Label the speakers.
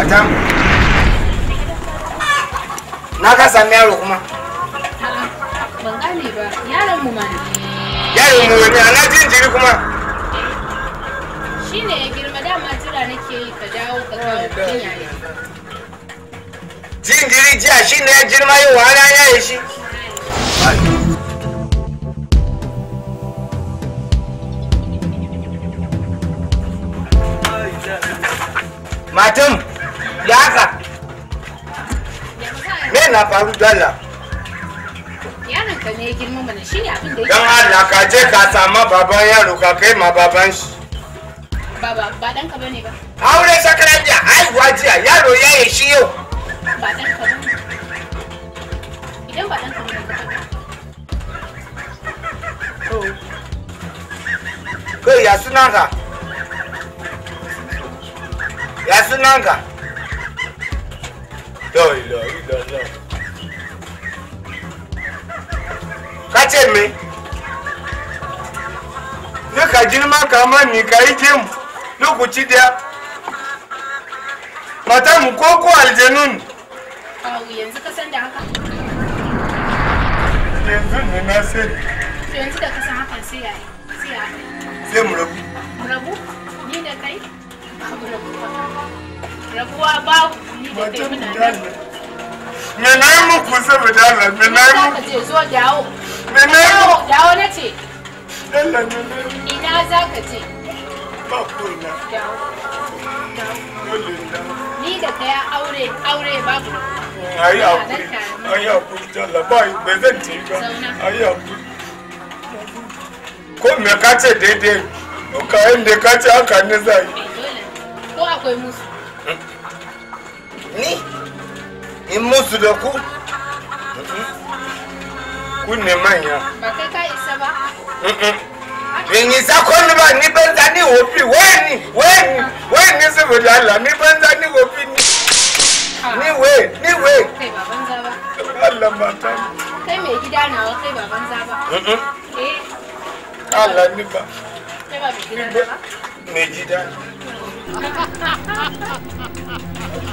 Speaker 1: Madam. Na ka sami yaro kuma. Ban gane ba, yaron mu Yaron mu ana jin jiri kuma. Shine ya girma dama jira nake yi ka dawo ka kawo
Speaker 2: Jin jiri jiya shine ya girma yau wahala ya yi shi.
Speaker 1: Matum! ya me na faru dala yaron ka ne girma mana shi abin da dan Allah ka je ka sama baban yaro ka kai ma baban shi baba ba dan ka bane ba aure sakaran da ai wajiya yaro ya yi shi yau ba dan ka bane idan ba dan ka bane kai oh. ya sunanka ya sunanka lọ ìlọ ìlọ lọ. kace me duka girma kamar ni ka yi gemu lokaci daya mata mu ko ko aljanun yanzu ka san da haka yanzu ne na sani yanzu da ka san haka sai yaya sai yaya sai mu rabu mu rabu ni da kai mu a rabuwa babu matan budala me na yi muku sa budala me na yi muku zo dawo me na ce me ina za ka ba ko na ni da kaya aure aure babu ayi hakuri ayi hakuri ba yi ba zan ce ka ayi hakuri ko me ka ce daidai ka yin ka ce haka ne za yi eh, ko akwai musu eh. ni in musu da ku ku ne manya ba kai ka isa ba in isa kwallo ba ni banza ni wofi wani wani wani saboda Allah ni banza ni wofi ni ni we ni we kai ba Allah mata kai mai gida nawa kai ba banza ba eh Allah ni ba kai ba mai